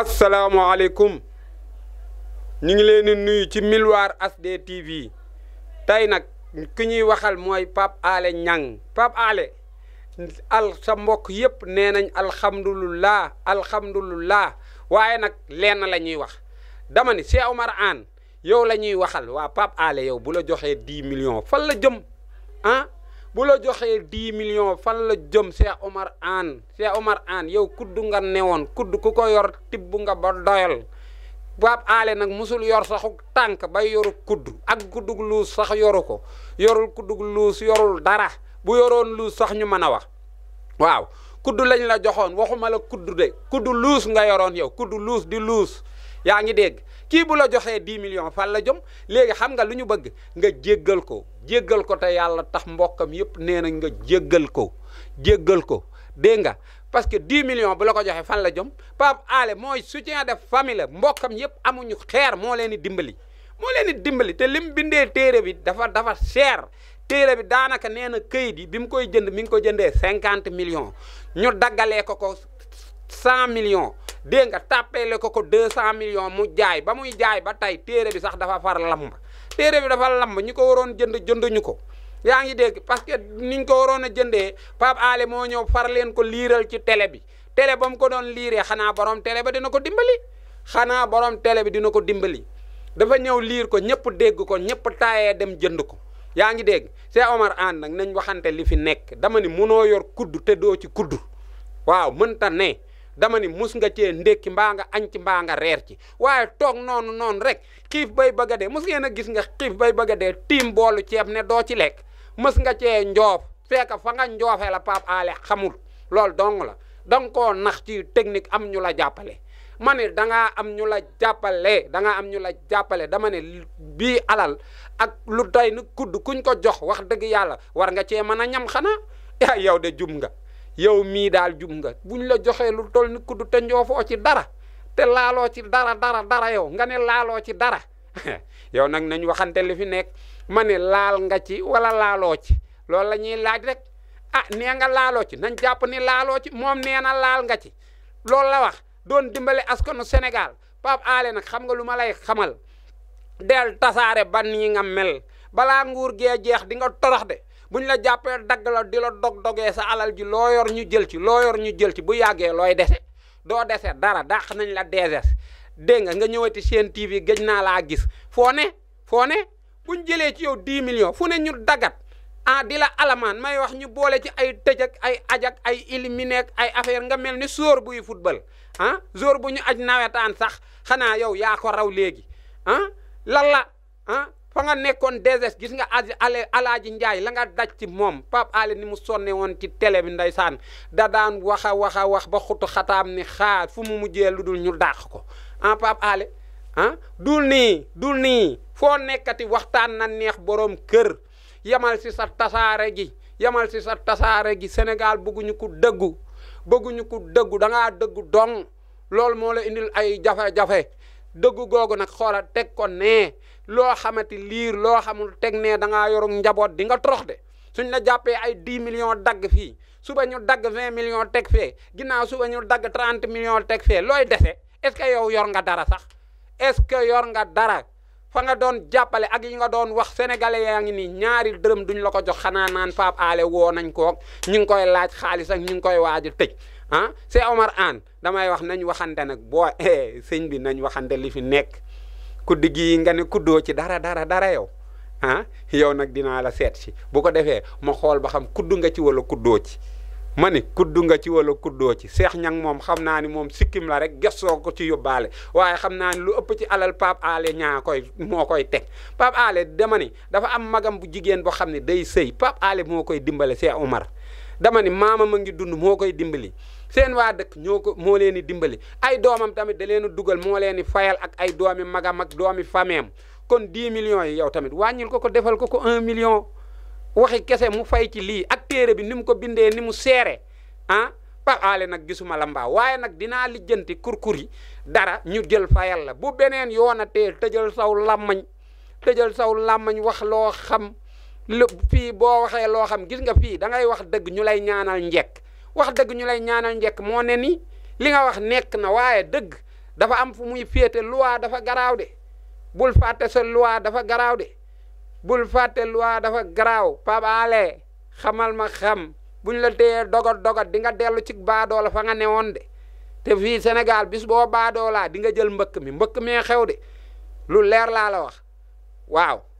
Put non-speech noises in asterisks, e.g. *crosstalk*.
asalaamualeykum ñu ngi leen nuyu ci Miroir HD TV tey nag ki ñuy waxal mooy Pape Alé Niang Pape Alé al sa mbokk yépp nee nañ alhamdulillah alhamdulillah waaye nag lenn la ñuy wax dama ni Cheikh Omar Anne yow la ñuy waxal waa pap ale yow bu la joxee dix million fan la jëm ah bu la joxee million, millions fan la jëm Cheikh Omar An, Cheikh Omar An, yow kudd nga newon kudd ku ko yor tibb nga ba doyal bab ale nak musul yor saxu tank bay yoru kudd ak kuddug lu sax yoru ko yorul kuddug lu yorul dara bu yoron lu sax ñu mëna wax waaw kudd lañ la joxoon waxuma la kudd de kudd lus nga yoron yow kudd luus di luus yaa ngi dégg kii bu la joxee 10 millions fan la jom léegi xam nga lu ñu bëgg nga jéggal ko jéggal ko te yàlla tax mbokkam yépp nee nañ nga jéggal ko jéggal ko dégg nga parce que 10 millions bu la ko joxee fan la jom Pape Alé mooy soutien de famille la mbokkam yépp amuñu xeer moo leen di dimbali moo leen di dimbali te lim bindee téere bi dafa dafa cher téere bi daanaka nee na këyit yi bi mu koy jënd mi ngi ko jëndee cinquante million ñu daggalee ko ko cent million dégg nga tàppeele ko ko deux cent million mu jaay ba muy jaay ba tey téere bi sax dafa far lamb téere bi dafa lamb ñu ko waroon jënd jënduñu ko yaa ngi dégg parce que niñ ko waroon a jëndee Pape Alé moo ñëw far leen ko liiral ci télé bi télé ba mu ko doon liiree xanaa borom télé ba dina ko dimbali xanaa borom télé bi dina ko dimbali dafa ñëw liir ko ñëpp dégg ko ñëpp taayee dem jënd ko yaa ngi dégg Cheikh Omar Anne nag nañ waxante li fi nekk dama ni munoo yor kudd te doo ci kudd waaw mënta ne dama ni mus nga cee ndekki mbaa nga añ mbaa nga reer ci waaye toog noonu noonu rek xiif bay bëgg a dee mus ngeen a gis nga xiif bay baga a dee tiim boolu ceeb ne doo ci lekk mus nga cee njoof fekk fa nga njoofee la Pape Alé xamul loolu dong la danga koo nax ci technique am ñu la jàppale ma ne dangaa am ñu la jàppale dangaa am ñu la jàppale dama ne bii alal ak lu day ni kudd kuñ ko jox wax dëgg yàlla war nga cee mën a ñam xanaa *laughs* yow de jum nga yow mii daal jum nga buñ la joxee lu toll ni kudd te njoofoo ci dara te laaloo ci dara dara dara yow nga ne laaloo ci dara *laughs* yow nag nañ waxante li fi nekk ma ne laal nga ci wala laaloo ci loolu la laaj rek ah nee nga laaloo ci nañ jàpp ni laaloo ci moom nee na laal nga ci loolu la wax doon dimbale askanu Sénégal Pape Alé nag xam nga lu ma lay xamal del tasaare ban yi nga mel balaa nguur gee jeex di nga torox de buñ la jàppee dagg la di la dog dogee sa alal ji loo yor ñu jël ci loo yor ñu jël ci bu yàggee looy dese doo dese dara dàq nañu la DSS dégg nga nga ñëwati seen TV gëj naa laa gis foo ne foo ne buñ jëlee ci yow 10 millions fu ne ñu dagat ah di la alamaan may wax ñu boole ci ay tëj ay aj ak ay éliminé ak ay affaire nga mel ni sóor buy football ah bu ñu aj nawetaan sax xanaa yow yaa ko raw léegi ah fa nga nekkoon deses gis nga aji ale alaaji njaay la nga daj moom Pape Alé ni mu sonnee woon ci télé bi ndeysaan da daan wax a wax a wax ba xutu xataam ni xaar fu mu mujjee lu dul ñu dàq ko ah Pape Alé ah dul ni dul nii foo nekkati waxtaan na neex boroom kër yamal si sa tasaare gi yamal si sa tasaare gi Sénégal bëgguñu ko dëggu bëgguñu ko dëggu da dëggu dong loolu moo la indil ay jafe dëggu googu nag xoola teg ko nee loo xamati liir loo xamul teg nee da ngaa yoru njaboot di nga torox de suñ la jàppee ay 10 millions dagg fii suba ñu dagg vingt millions teg fee ginnaaw suba ñu dagg 30 million teg fee looy dese est que yow yor nga dara sax est-ce que yor nga dara fa nga doon jàppale ak yi nga doon wax sénégalais yaa ngi nii ñaari dërëm duñ la ko jox xanaa naan Pape Alé woo nañ koog ñu ngi koy laaj xaalis ak ñu ngi koy waaj a ah c'est Omar Anne damay wax nañ waxante nag boo *laughs* eh sëñ bi nañ waxante li fi nekk kudd gi nga ne kuddoo ci dara dara dara yow ah yow nag dinaa la seet si bu ko defee ma xool ba xam kudd nga ci wala kuddoo ci ma ni kudd nga ci wala kuddoo ci seex ñang moom xam naa ni moom sikkim la rek gessoo ko ci yóbbaale waaye xam naa ni lu ëpp ci alal Pape ñaa koy moo koy teg Pape Alé dama ni dafa am magam bu jigéen boo xam ne day sëy Pape Alé moo koy dimbale Seex Omar dama ni maama ma ngi dund moo koy dimbali seen waa dëkk ñoo ko moo leen di dimbali ay doomam tamit da leen a dugal moo leen di fayal ak ay doomi magam ak doomi fameem kon 10 millions yi yow tamit wàññil ko ko defal ko ko un million waxi kese mu fay ci lii ak téere bi ni mu ko bindee ni mu seere ah par aale nag gisuma la mbaa waaye nag dinaa lijjanti kurkur yi dara ñu jël fayal la bu beneen yoonatee tëjal saw làmmañ tëjal saw làmmañ wax loo xam lu fii boo waxee loo xam gis nga fii da ngay wax dëgg ñu lay ñaanal njekk wax dëgg ñu lay ñaanal njekk moo ne ni li nga wax nekk na waaye dëgg dafa am fu muy féete loi dafa garaaw de bul fàtte sa loi dafa garaaw de bul fàtte loi dafa garaaw pabaale xamal ma xam buñ la téyee dogot dogot di nga dellu ci baadoola fa nga newoon de te fii Sénégal bis boo baadoolaa di nga jël mbëkk mi mbëkk mee xew de lu leer laa la wax waaw